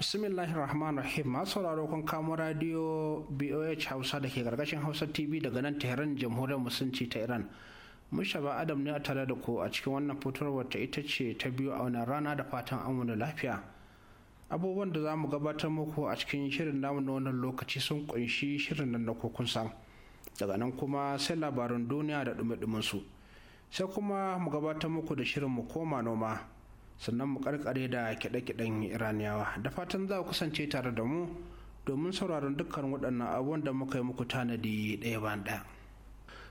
bismillahir rahman rahim masu sauraro kun kamo radio boh hausa da ke karkashin hausa tv daga nan tehran jamhuriyar musulunci ta iran mushaba adam ne a tare da ku a cikin wannan fitowar ta ita ce ta biyu a wannan rana da fatan an wani lafiya abubuwan da za mu gabatar muku a cikin shirin namu na wannan lokaci sun kunshi shirin nan na kokun daga nan kuma sai labarin duniya da dumi su sai kuma mu gabatar muku da shirin mu koma noma sannan mu karkare da kiɗe-kiɗen iraniyawa da fatan za kusance tare da mu domin sauraron dukkan waɗannan abubuwan da muka yi muku tanadi ɗaya bayan ɗaya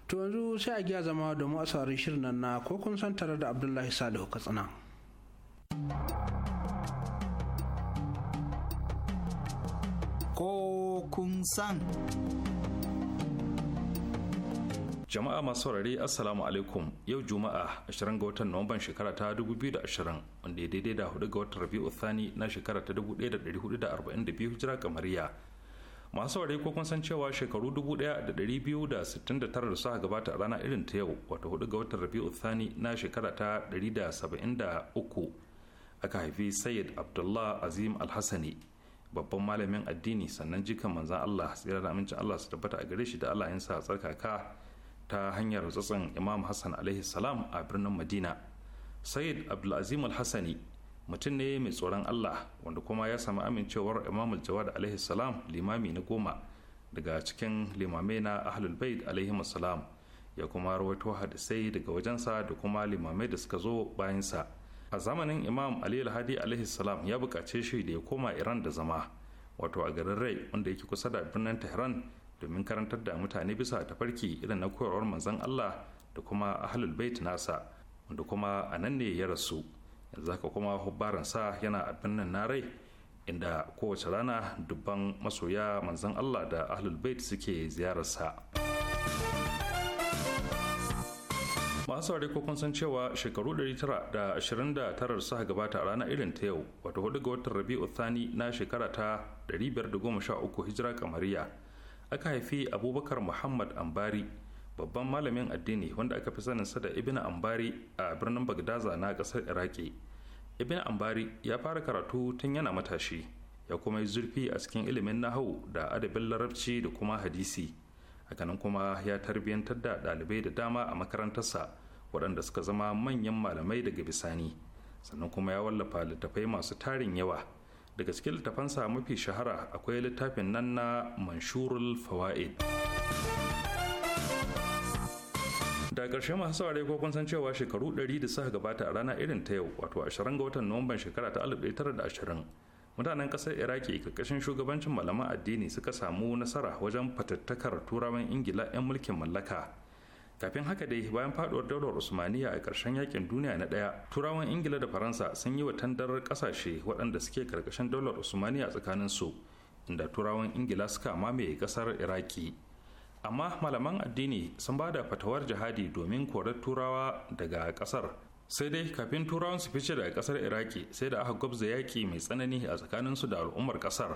to yanzu sai a giya zama domin a saurari shirin nan na ko kun san tare da abdullahi salihu katsina ko kun san jama'a masu saurare assalamu alaikum yau juma'a 20 ga watan nuwamban shekara ta 2020 wanda ya daidai da 4 ga watan rabi'u thani na shekara ta 1442 hijira kamariya masu saurare ko kun san cewa shekaru 1269 da suka gabata a rana irin ta yau wato 4 ga watan rabi'u thani na shekara ta 173 aka haifi sayyid abdullah azim alhassani babban malamin addini sannan jikan manzan allah tsira da amincin allah su tabbata a gare shi da allah yin sa tsarkaka ta hanyar tsatsan imam hassan alaihi salam a birnin madina sayyid abdulazim al mutum ne mai tsoron allah wanda kuma ya sami amincewar imam jawad alaihi salam limami na goma daga cikin limamai na ahlul bait alaihi salam ya kuma rawaito hadisai daga wajensa da kuma limamai da suka zo bayansa a zamanin imam ali alhadi alaihi salam ya bukace shi da ya koma iran da zama wato a garin rai wanda yake kusa da birnin tehran domin karantar da mutane bisa tafarki irin na koyarwar manzon Allah da kuma ahlul bait nasa wanda kuma a nan ne ya rasu yanzu haka kuma sa yana a na narai inda kowace rana dubban masoya manzon Allah da ahlul bait suke ziyararsa masu ware ko san cewa shekaru 929 suka gabata a ranar irin ta yau wata hudu ga watan rabi'u thani na shekara ta 513 hijira kamariya aka haifi abubakar muhammad ambari babban malamin addini wanda aka fi saninsa da ibn ambari a birnin bagdaza na ƙasar iraki ibn ambari ya fara karatu tun yana matashi ya kuma yi zurfi a cikin ilimin nahau da adabin larabci da kuma hadisi hakanan kuma ya tarbiyyantar da ɗalibai da dama a makarantarsa waɗanda suka zama manyan malamai daga bisani sannan kuma ya wallafa littattafai masu tarin yawa daga cikin littafansa mafi shahara akwai littafin nan na manshurul fawa'id da ƙarshe masu saurare ko kun san cewa shekaru 100 da suka gabata a rana irin ta yau wato 20 ga watan nuwamban shekara ta 1920 mutanen ƙasar iraki ƙarƙashin shugabancin malaman addini suka samu nasara wajen fatattakar turawan ingila 'yan mulkin mallaka kafin haka dai bayan faduwar daular usmaniya a ƙarshen yakin duniya na ɗaya turawan ingila da faransa sun yi wa tandarar ƙasashe waɗanda suke karkashin daular usmaniya tsakanin su inda turawan ingila suka mamaye ƙasar iraki amma malaman addini sun ba da fatawar jihadi domin korar turawa daga ƙasar sai dai kafin turawan su fice daga ƙasar iraki sai da aka gwabza yaƙi mai tsanani a tsakanin su da al'ummar ƙasar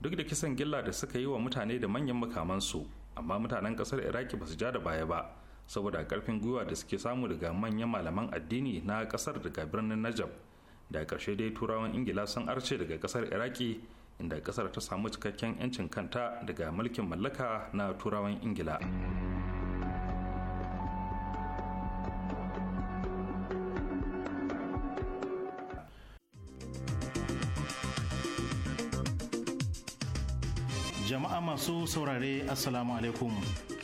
duk da kisan gilla da suka yi wa mutane da manyan makamansu amma mutanen ƙasar iraki ba su ja da baya ba saboda karfin gwiwa da suke samu daga manyan malaman addini na kasar daga birnin najab da karshe dai turawan ingila sun arce daga kasar iraki inda kasar ta samu cikakken 'yancin kanta daga mulkin mallaka na turawan ingila jama'a masu saurare assalamu alaikum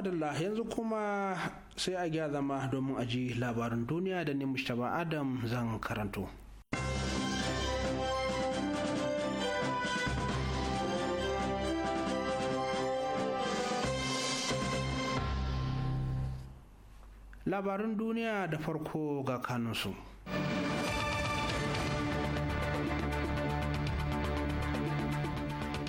madallah yanzu kuma sai a gya zama domin a ji labarin duniya da ni mushtaba adam zan karanto labarin duniya da farko ga kanunsu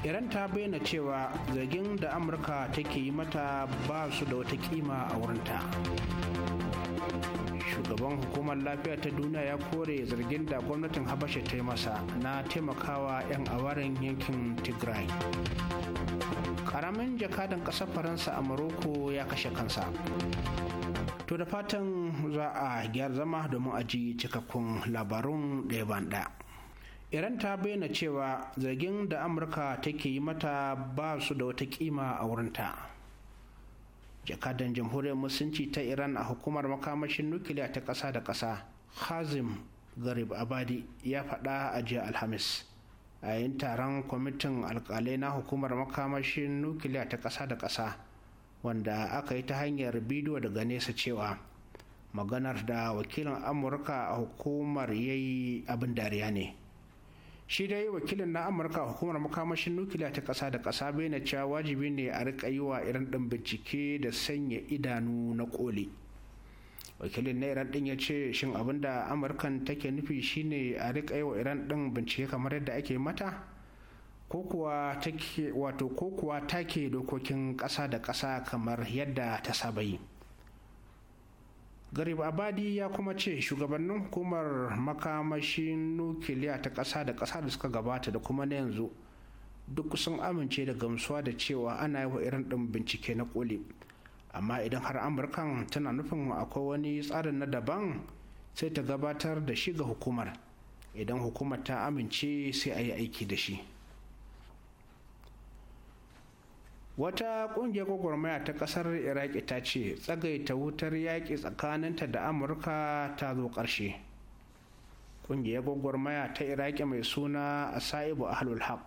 iran ta bayyana cewa zargin da amurka take yi mata ba su da wata kima a wurinta shugaban hukumar lafiya ta duniya ya kore zargin da gwamnatin habasha ta yi masa na taimakawa 'yan awarin yankin tigray karamin jakadan kasar faransa a maroko ya kashe kansa to da fatan za a gyara zama domin aji cikakkun labarun ɗaya ban ɗaya iran ta bayyana cewa zargin da amurka take yi mata ba su da wata kima a wurinta jakadan jamhuriyar musulunci ta iran a hukumar makamashin nukiliya ta ƙasa da ƙasa hazim garib abadi ya faɗa a jiya alhamis a yin taron kwamitin alkalai na hukumar makamashin nukiliya ta ƙasa da ƙasa wanda aka yi ta hanyar bidiyo daga nesa cewa maganar da wakilin amurka a hukumar yayi abin dariya ne shi dai wakilin na amurka hukumar makamashin nukiliya ta ƙasa da ƙasa na cewa wajibi ne a rika yi wa irin ɗin bincike da sanya idanu na koli wakilin na iran ɗin ya ce shin abin da amurkan take nufi shine a rika yi wa iran ɗin bincike kamar yadda ake mata ko kuwa take wato ko kuwa take dokokin ƙasa da kasa kamar yadda ta saba yi garib abadi ya kuma ce shugabannin hukumar makamashin nukiliya ta ƙasa da ƙasa da suka gabata da kuma na yanzu duk sun amince da gamsuwa da cewa ana yi wa irin ɗin bincike na koli amma idan har amurkan tana nufin akwai wani tsarin na daban sai ta gabatar da shi ga hukumar idan hukumar ta amince sai a yi aiki da shi wata ƙungiyar gwagwarmaya ta ƙasar iraki ta ce tsagaita wutar yaƙi tsakaninta da amurka ta zo ƙarshe ƙungiyar gwagwarmaya ta iraki mai suna sa'ibu ahlul haq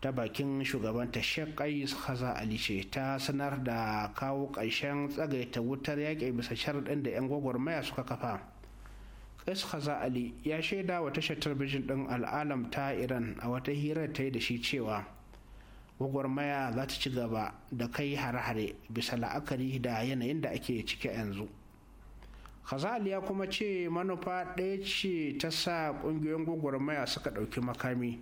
ta bakin shugabanta sheikh qais haza ali ce ta sanar da kawo ƙarshen tsagaita wutar yaƙi bisa sharaɗin da 'yan gwagwarmaya suka kafa qais haza ali ya shaida wa tashar talabijin ɗin al'alam ta iran a wata hirar ta yi da shi cewa gwagwarmaya za ta ci gaba da kai hare-hare bisa la'akari da yanayin da ake ciki yanzu kazali ya kuma ce manufa ɗaya ce ta sa ƙungiyoyin gwagwarmaya suka ɗauki makami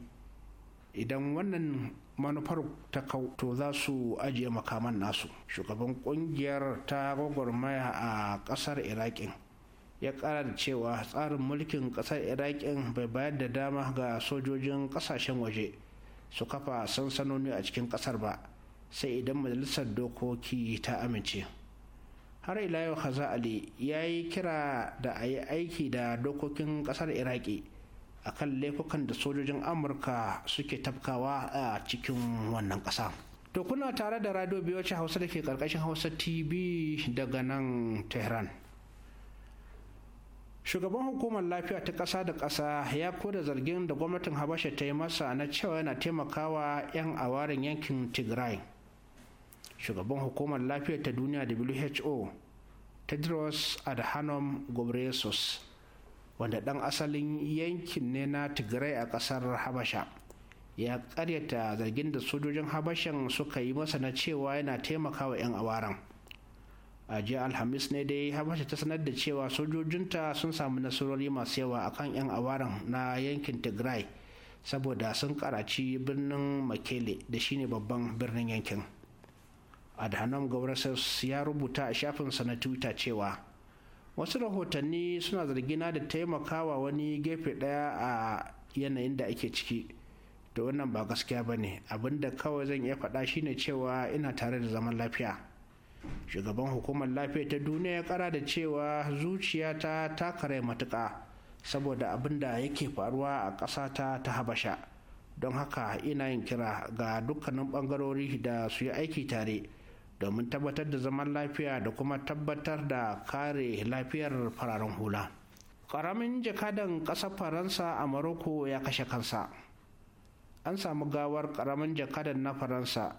idan wannan manufar ta kau to za su ajiye makaman nasu shugaban ƙungiyar ta gwagwarmaya a ƙasar iraƙin ya ƙara da cewa tsarin mulkin ƙasar iraƙin bai bayar da dama ga sojojin ƙasashen waje su kafa sansanoni a cikin ƙasar ba sai idan majalisar dokoki ta amince har ila yau haza ali ya yi kira da a yi aiki da dokokin ƙasar iraki a kan laifukan da sojojin amurka suke tafkawa a cikin wannan ƙasa. To kuna tare da radio biyoci Hausa da ke ƙarƙashin Hausa TV daga nan Tehran. shugaban hukumar lafiya ta ƙasa da ƙasa ya koda zargin da gwamnatin habasha ta yi masa na cewa yana taimakawa 'yan awarin yankin tigray shugaban hukumar lafiya ta duniya who tedros adhanom ghebreyesus wanda ɗan asalin yankin ne na tigray a ƙasar habasha ya ƙaryata zargin da sojojin habashan suka yi masa na cewa yana taimakawa 'yan awaran a jiya alhamis ne dai habasha ta sanar da cewa sojojinta sun samu nasarori masu yawa a kan 'yan awaran na yankin tigray saboda sun karaci birnin makele da shine babban birnin yankin adhanom gaurasas ya rubuta a shafinsa na twitter cewa wasu rahotanni suna zargina da taimakawa wani gefe daya a yanayin da ake ciki da wannan ba gaskiya ba ne abinda kawai zan iya faɗa shine cewa ina tare da zaman lafiya shugaban hukumar lafiya ta duniya ya kara da cewa zuciyata ta kare matuƙa saboda abin da yake faruwa a ƙasata ta habasha don haka ina yin kira ga dukkanin ɓangarori da su yi aiki tare domin tabbatar da zaman lafiya da kuma tabbatar da kare lafiyar fararen hula ƙaramin jakadan ƙasar faransa a maroko ya kashe kansa an samu gawar ƙaramin jakadan na faransa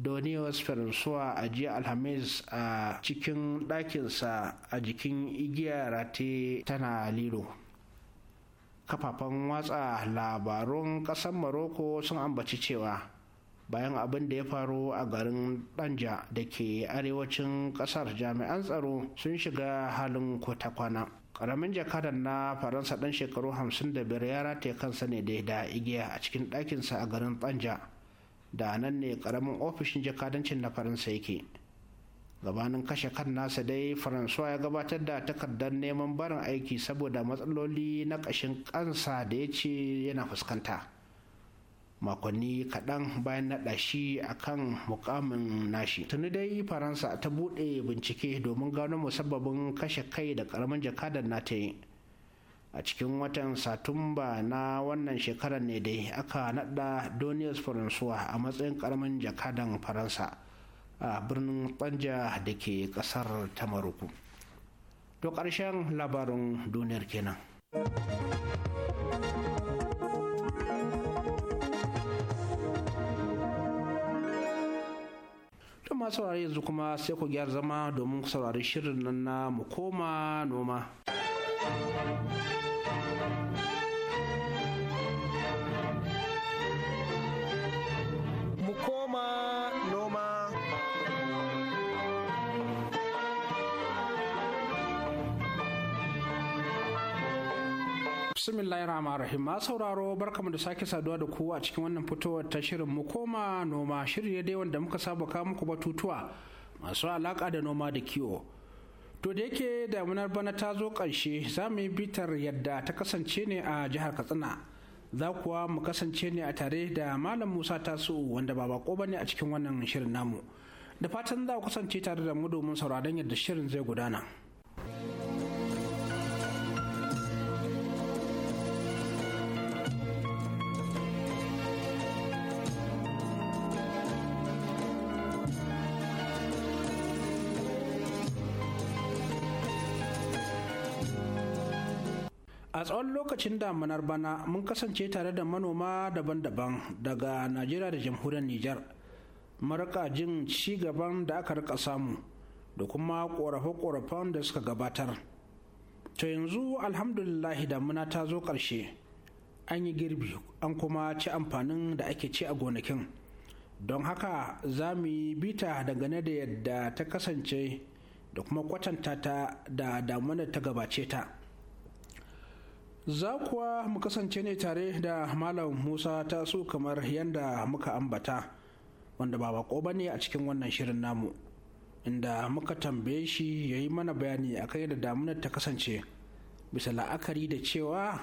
donius faransuwa a jiya alhamis a cikin ɗakinsa a jikin igiya rati tana lilo kafafen watsa labarun ƙasar maroko sun ambaci cewa bayan abin da ya faru a garin danja da ke arewacin ƙasar jami'an tsaro sun shiga halin kwana. Ƙaramin jakadan na faransa ɗan shekaru 55 ya rataye kansa ne da igiya a cikin ɗakinsa a garin danja da nan ne karamin ofishin jakadancin na faransa yake gabanin kashe kan nasa dai faransuwa ya gabatar da takardar neman barin aiki saboda matsaloli na ƙashin kansa da ya ce yana fuskanta makonni kaɗan bayan na shi a kan mukamin nashi tuni dai faransa ta buɗe bincike domin gano musabbabin kashe kai da ƙaramin jakadar ta yi a cikin watan satumba na wannan shekarar ne dai aka naɗa donius faransuwa a matsayin karamin jakadan faransa a birnin tsanja da ke ƙasar ta Maroko, to ƙarshen labarin duniyar kenan. masu yanzu kuma sai ku gyara zama domin saurari shirin nan na mu koma noma. mu koma bismillahir rahmanir rahim ma sauraro barkamu da sake saduwa da ku a cikin wannan fitowar ta shirin mu koma noma shirye dai wanda muka saba kawo muku batutuwa masu alaka da noma da kiwo To da yake damunar bana ta zo ƙarshe za mu yi bitar yadda ta kasance ne a jihar Katsina. Za kuwa mu kasance ne a tare da Malam Musa ta Tasu wanda ba bako bane a cikin wannan shirin namu. Da fatan za ku kasance tare da mu domin sauraron yadda shirin zai gudana. lokacin damunar bana mun kasance tare da manoma daban-daban daga najeriya da jamhuriyar nijar maraƙa jin ci gaban da aka rika samu da kuma ƙorafe korafen da suka gabatar to yanzu alhamdulillahi damuna ta zo ƙarshe an yi girbi an kuma ci amfanin da ake ci a gonakin don haka za mu yi bita daga dangane da yadda ta kasance da kuma kwatanta ta da damunar ta gabace ta. za kuwa mu kasance ne tare da malam musa ta so kamar yadda muka ambata wanda ba bako ba ne a cikin wannan shirin namu inda muka tambaye shi ya yi mana bayani akan yadda damunar ta kasance bisa la'akari da cewa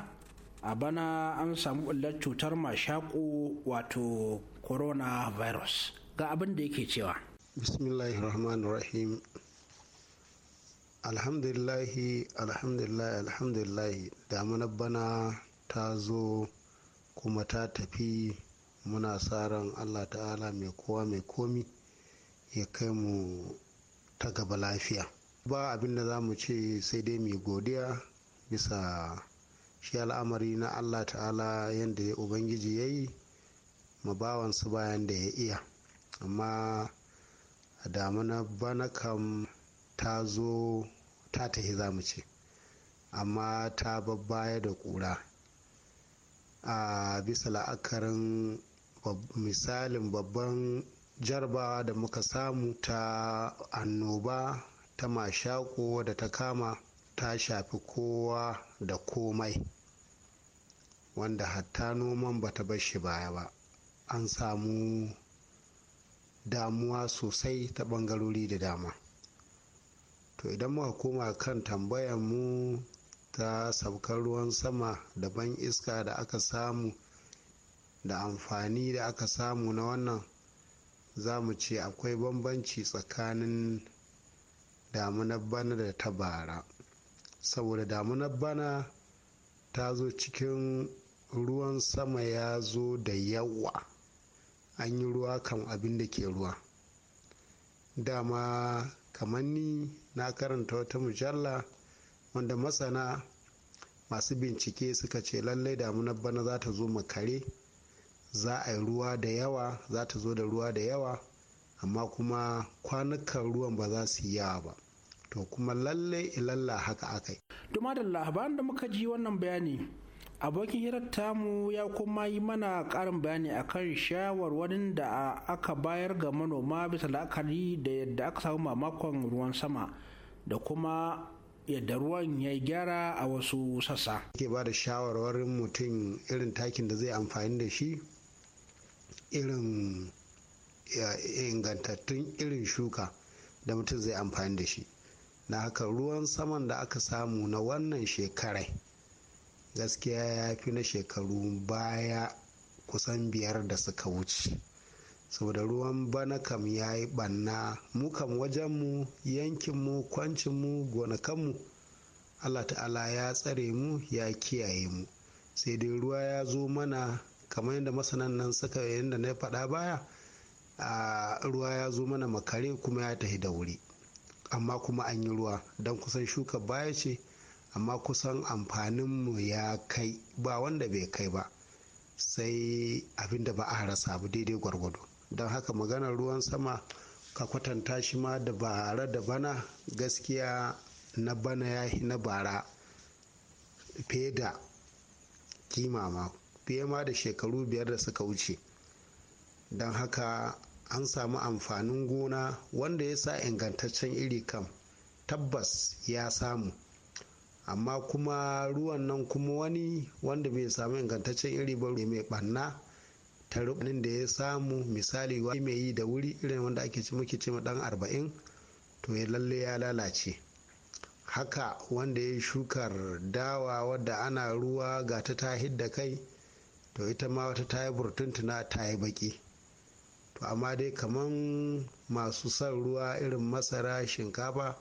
a bana an samu ɓullar cutar mashaƙo wato coronavirus ga abin da yake cewa bismillahirrahmanirrahim alhamdulillahi alhamdulillahi alhamdulillahi damunar bana ta zo kuma ta tafi muna sa ran allah ta'ala mai kowa mai komi ya kai mu ta gaba lafiya ba abin da za mu ce sai dai mai godiya bisa shi al'amari na allah ta'ala yadda ya ubangiji ya yi mabawansu bayan da ya iya amma damuna bana kam ta zo ta tahi za mu ce amma ta babbaya da ƙura a bisa la'akarin misalin babban jarbawa da muka samu ta annoba ta mashako da ta kama ta shafi kowa da komai wanda hatta noman bata bar shi baya ba an samu damuwa sosai ta ɓangarori da dama to idan muka koma kan tambayar mu ta saukar ruwan sama da ban iska da aka samu da amfani da aka samu na wannan za mu ce akwai bambanci tsakanin damunar bana da ta bara saboda damunar bana ta zo cikin ruwan sama ya zo da yawa an yi ruwa kan abin da ke ruwa dama kamanni na karanta wata mujalla wanda masana masu bincike suka ce lallai damunar bana za ta zo makare za a yi ruwa da yawa za ta zo da ruwa da yawa amma kuma kwanukan ruwan ba za su yi yawa ba to kuma lallai ilalla haka akai. tuma da bayan da muka ji wannan bayani abokin hirar mu ya kuma yi mana karin bayani akan shawarwarin da aka bayar ga manoma bisa la'akari da yadda aka samu mamakon ruwan sama da kuma yadda ruwan ya gyara a wasu sassa. ke ba da shawarwarin mutum irin takin da zai amfani da shi irin ingantattun irin shuka da mutum zai amfani da shi na haka ruwan saman da aka samu na wannan shekarai gaskiya ya fi na shekaru baya kusan biyar da suka wuce saboda ruwan bana kam ya yi ɓanna mu kam wajenmu yankinmu kwancinmu gonakanmu allah ta'ala ya tsare mu ya kiyaye mu sai dai ruwa ya zo mana kamar yadda masanan nan suka yadda na faɗa baya a ruwa ya zo mana makare kuma ya tafi da wuri amma kuma an yi ruwa don kusan shuka baya ce amma kusan amfaninmu ya kai ba wanda bai kai ba sai abinda ba a rasa ba daidai gwargwado don haka maganar ruwan sama ka kwatanta shi ma da bara da bana gaskiya na bana ya na bara fiye da kima ma fiye ma da shekaru biyar da suka wuce don haka an samu amfanin gona wanda ya sa ingantaccen iri kam tabbas ya samu amma kuma ruwan nan kuma wani wanda bai samu ingantaccen iri ba mai ɓanna. ta rubanin da ya samu misali wani mai yi da wuri irin wanda ake ci muke ce dan arba'in to ya lalle ya lalace haka wanda ya shukar dawa wadda ana ruwa ga ta ta da kai to ita ma wata ta yi burtuntuna ta yi baki to amma dai kaman masu son ruwa irin masara shinkafa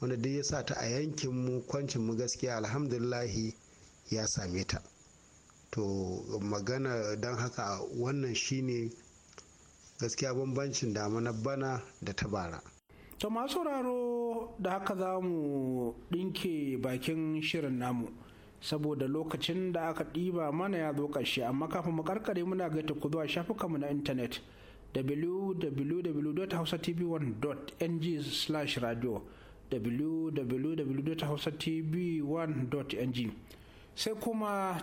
wanda duk ya sa ta a yankinmu kwancinmu gaskiya alhamdulillahi ya same ta to magana don haka wannan shine gaskiya bambancin na bana da ta bara to masu sauraro da haka za mu ɗinke bakin shirin namu saboda lokacin da aka ɗiba mana ya zo ƙarshe amma kafin mu karkare muna gaita ku zuwa shafukanmu na intanet www.hausatv1.ng/radio www.hausatv1.ng sai kuma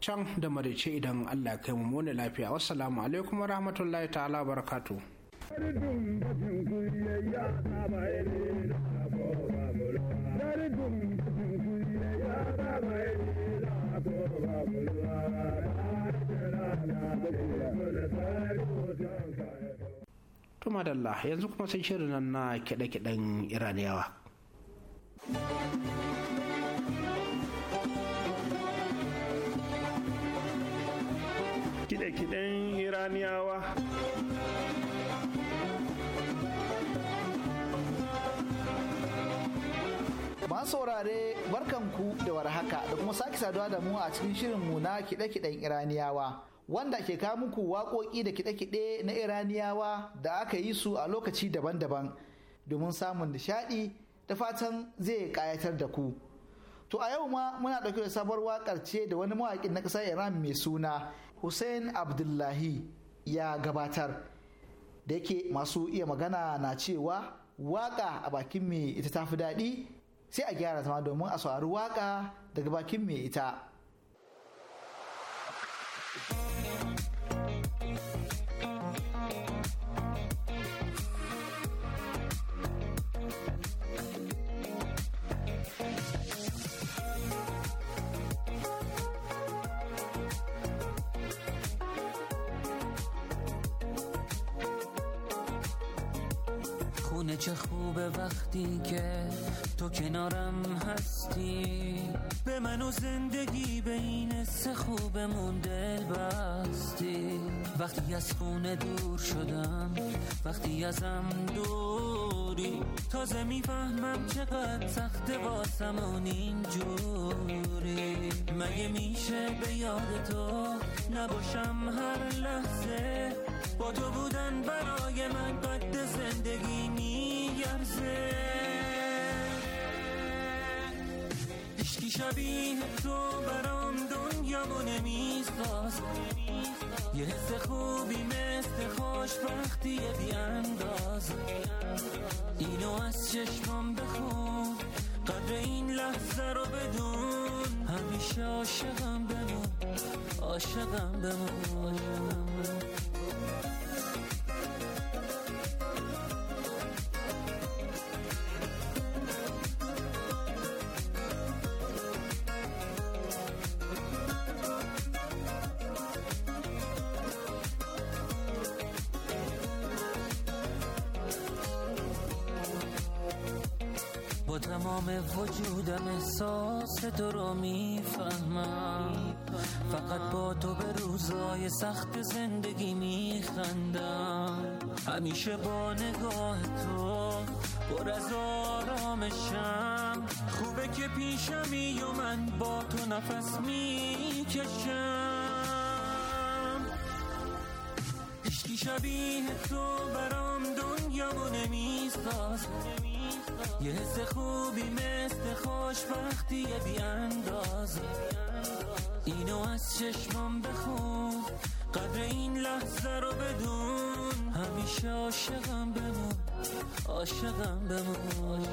can da marice idan Allah kai mu mona lafiya wassalamu alaikum rahmatullahi ta'ala barakatu Tuma yanzu kuma sai shirin nan na kiɗe-kiɗen Iraniyawa. kiɗe iraniyawa iraniyawa saurare barkanku da warhaka da kuma sake saduwa da mu a cikin shirin mu na kiɗe-kiɗen iraniyawa wanda ke kawo muku waƙoƙi da kiɗe-kiɗe na iraniyawa da aka yi su a lokaci daban-daban domin samun nishaɗi da fatan zai ƙayatar da ku to a yau ma muna ɗauke da sabuwar waƙar ce da wani mawaƙin na ƙasar iran mai suna hussein abdullahi ya gabatar da yake masu iya magana na cewa waka a bakin mai ita ta fi daɗi sai a gyara zama domin a saurari waka daga bakin mai ita. خوبه وقتی که تو کنارم هستی به منو زندگی به این سه خوبمون دل بستی وقتی از خونه دور شدم وقتی ازم دوری تازه میفهمم چقدر سخت واسمون اینجوری مگه میشه به یاد تو نباشم هر لحظه با تو بودن برای من قد زندگی نیست میارزه شبیه تو برام و نمیساز یه حس خوبی مثل خوشبختی بیانداز اینو از چشمام بخون قدر این لحظه رو بدون همیشه عاشقم بمون عاشقم بمون تمام وجودم احساس تو رو میفهمم فقط با تو به روزای سخت زندگی میخندم همیشه با نگاه تو پر از آرامشم خوبه که پیشمی و من با تو نفس میکشم عشقی شبیه تو برام دنیا نمیساز یه حس خوبی مثل خوشبختی یه بی انگاز اینو از چشمم بخون قدر این لحظه رو بدون همیشه عاشقم بمون عاشقم بمون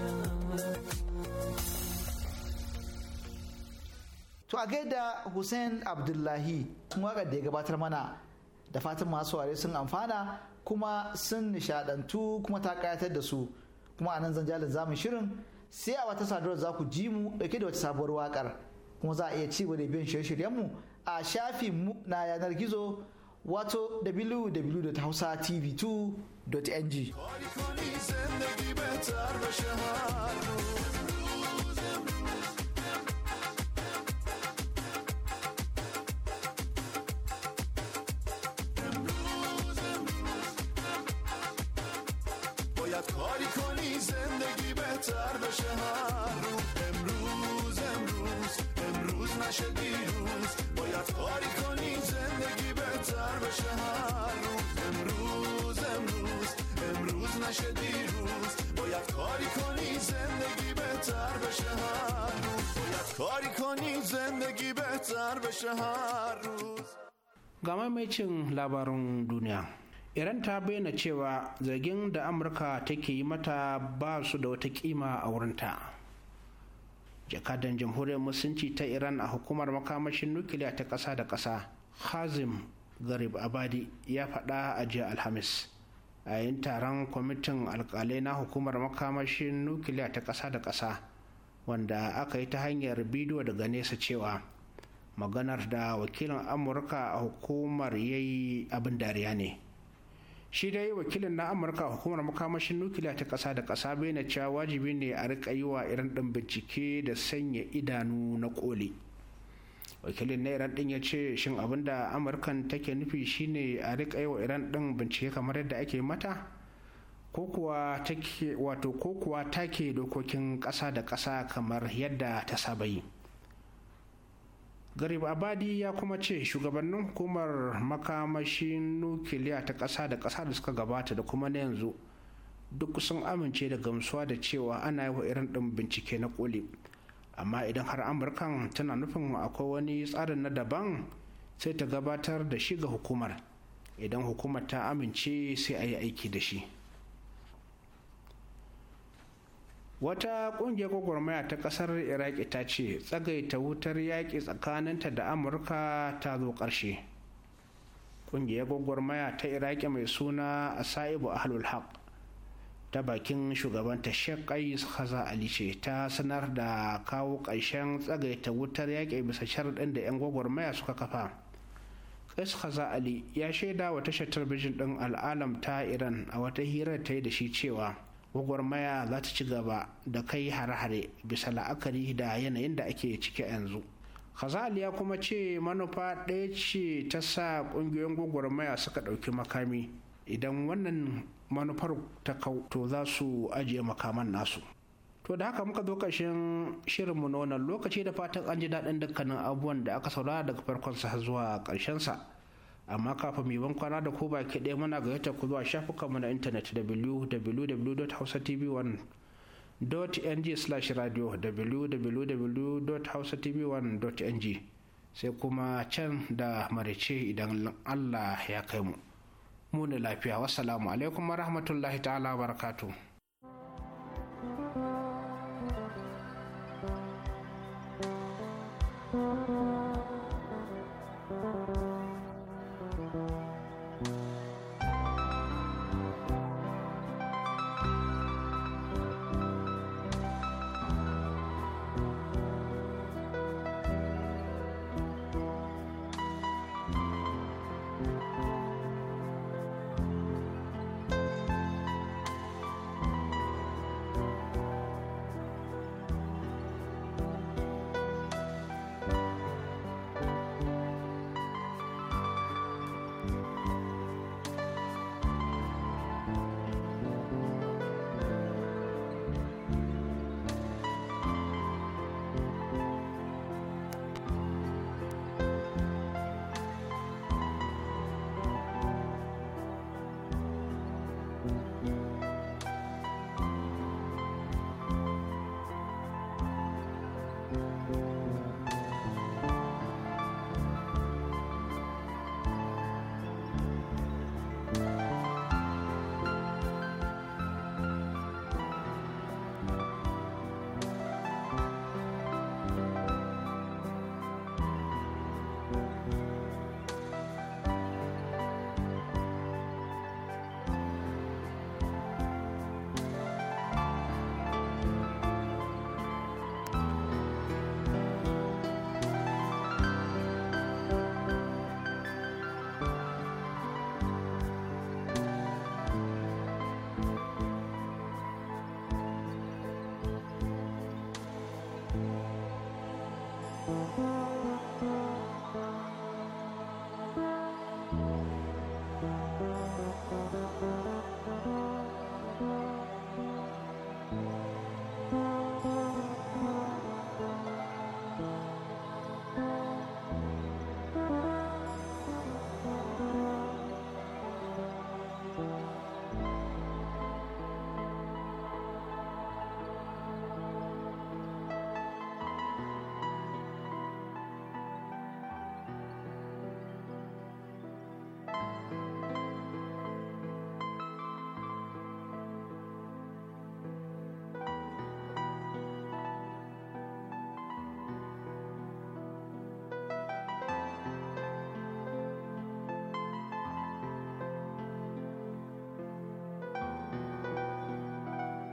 تو اگه دا حسین عبداللهی از مورد دیگه باترمانه دفعه تا ما سواره سنانفانه کما سن نشادن تو کما تاکایت دسو kuma a nan zan jalin zamu shirin sai a wata sadarwar za ku ji mu dauke da wata sabuwar wakar kuma za a iya ci da biyan shirye shiryen mu a shafin mu na yanar gizo wato www.hausatv2.ng نشه دیروز باید کاری کنیم زندگی بهتر بشه هر روز امروز امروز امروز نشه دیروز باید کاری کنی زندگی بهتر بشه هر روز باید کاری کنی زندگی بهتر بشه هر روز gama mai cin labarin duniya iran ta bayyana cewa zargin da amurka take yi mata ba su da wata kima a wurinta jakadan jamhuriyar musulunci ta iran a hukumar makamashin nukiliya ta ƙasa da ƙasa hazim garib abadi ya faɗa a jiya alhamis a yin taron kwamitin alkalai na hukumar makamashin nukiliya ta ƙasa da ƙasa wanda aka yi ta hanyar bidiyo daga nesa cewa maganar da wakilin amurka a hukumar yayi abin dariya ne shi dai wakilin na amurka hukumar makamashin nukiliya ta ƙasa da ƙasa bayyana cewa wajibi ne a riƙa yi wa irin ɗin bincike da sanya idanu na koli wakilin na iran ɗin ya ce shin abin da amurkan take nufi shine a riƙa yi wa iran ɗin bincike kamar yadda ake mata ko kuwa take dokokin ƙasa da ƙasa kamar yadda ta saba yi garib abadi ya kuma ce shugabannin hukumar makamashin nukiliya ta ƙasa da ƙasa da suka gabata da kuma na yanzu duk sun amince da gamsuwa da cewa ana yi wa irin ɗin bincike na koli amma idan har amurkan tana nufin akwai wani tsarin na daban sai ta gabatar da shi ga hukumar idan hukumar ta amince sai a yi aiki da shi wata ƙungiyar gwagwarmaya ta ƙasar iraki ta ce tsagaita wutar yaƙi tsakaninta da amurka ta zo ƙarshe ƙungiyar gwagwarmaya ta iraki mai suna Sa'ibu ahlul haq ta bakin shugabanta sheikh qais haza ali ce ta sanar da kawo ƙarshen tsagaita wutar yaƙi bisa sharaɗin da 'yan gwagwarmaya suka kafa qais haza ali ya shaida wa tashar talabijin ɗin al'alam ta iran a wata hirar ta yi da shi cewa gwagwarmaya za ta ci gaba da kai hare-hare bisa la'akari da yanayin da ake ciki yanzu Khazali ya kuma ce manufa ɗaya ce ta sa ƙungiyoyin gwagwarmaya suka ɗauki makami idan wannan manufar ta kau to za su ajiye makaman nasu to da haka muka zo ƙarshen shirinmu na wannan lokaci da fatan an ji daɗin dukkanin abubuwan da aka saurara daga farkonsa zuwa ƙarshensa amma kafin mai ban kwana da ko baki ɗaya muna gayyata ku zuwa shafukanmu na intanet www.hausatv1.ng slash radio www.hausatv1.ng sai kuma can da marice idan allah ya kai mu mu ne lafiya wassalamu alaikum rahmatullahi ta'ala barakatuh Música